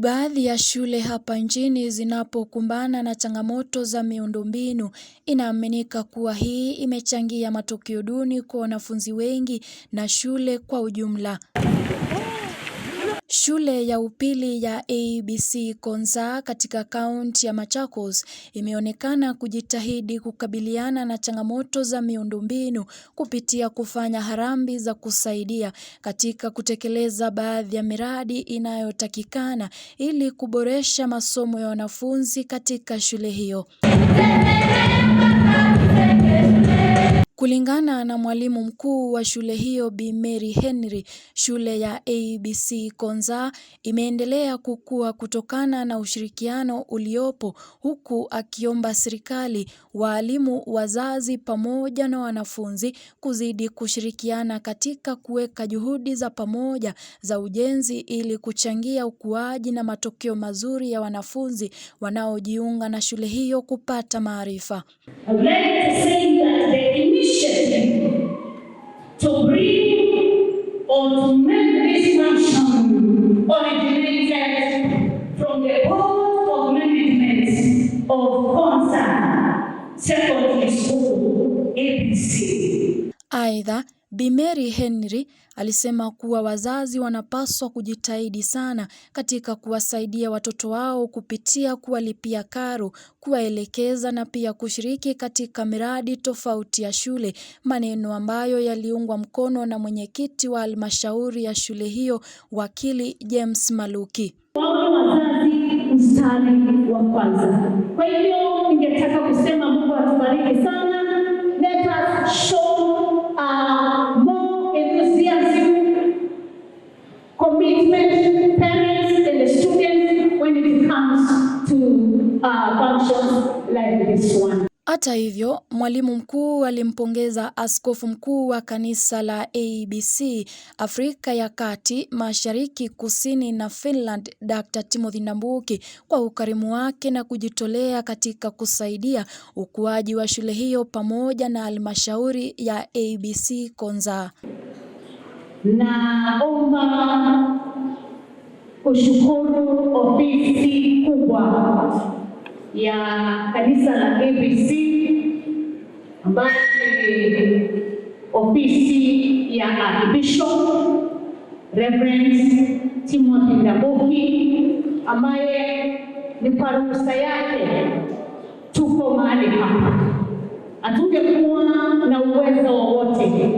Baadhi ya shule hapa nchini zinapokumbana na changamoto za miundombinu, inaaminika kuwa hii imechangia matokeo duni kwa wanafunzi wengi na shule kwa ujumla. Shule ya upili ya ABC Konza katika kaunti ya Machakos imeonekana kujitahidi kukabiliana na changamoto za miundombinu kupitia kufanya harambi za kusaidia katika kutekeleza baadhi ya miradi inayotakikana ili kuboresha masomo ya wanafunzi katika shule hiyo. Kulingana na mwalimu mkuu wa shule hiyo Bi Mary Henry, shule ya ABC Konza imeendelea kukua kutokana na ushirikiano uliopo huku akiomba serikali, walimu, wazazi pamoja na wanafunzi kuzidi kushirikiana katika kuweka juhudi za pamoja za ujenzi ili kuchangia ukuaji na matokeo mazuri ya wanafunzi wanaojiunga na shule hiyo kupata maarifa. initiative to bring or to make this mansion originated from the Board of Management of Concern Secondary School, ABC. Aidha, Bi Mary Henry alisema kuwa wazazi wanapaswa kujitahidi sana katika kuwasaidia watoto wao kupitia kuwalipia karo, kuwaelekeza na pia kushiriki katika miradi tofauti ya shule, maneno ambayo yaliungwa mkono na mwenyekiti wa halmashauri ya shule hiyo, Wakili James Maluki. Wawe wazazi mstari wa kwanza. Kwa hivyo ningetaka kusema Mungu atubariki. Uh, Hata hivyo, mwalimu mkuu alimpongeza askofu mkuu wa kanisa la ABC Afrika ya Kati, Mashariki, Kusini na Finland, Dr. Timothy Ndambuki kwa ukarimu wake na kujitolea katika kusaidia ukuaji wa shule hiyo pamoja na halmashauri ya ABC Konza. Naomba kushukuru ofisi kubwa ya kanisa la ABC ambayo ni ofisi ya Archbishop Reverend Timothy Ndambuki ambaye ni kwa ruhusa yake tuko mahali hapa. Hatungekuwa na uwezo wowote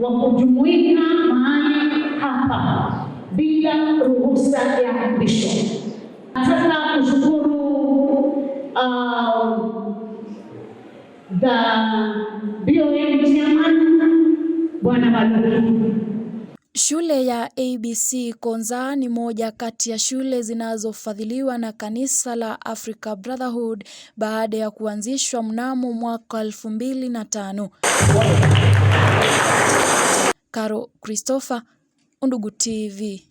wa kujumuika mahali hapa bila ruhusa ya kupisha. Nataka kushukuru um, the BOM chairman Bwana Malulu. Shule ya ABC Konza ni moja kati ya shule zinazofadhiliwa na kanisa la Africa Brotherhood baada ya kuanzishwa mnamo mwaka elfu mbili na tano. Caro Christopher Undugu TV.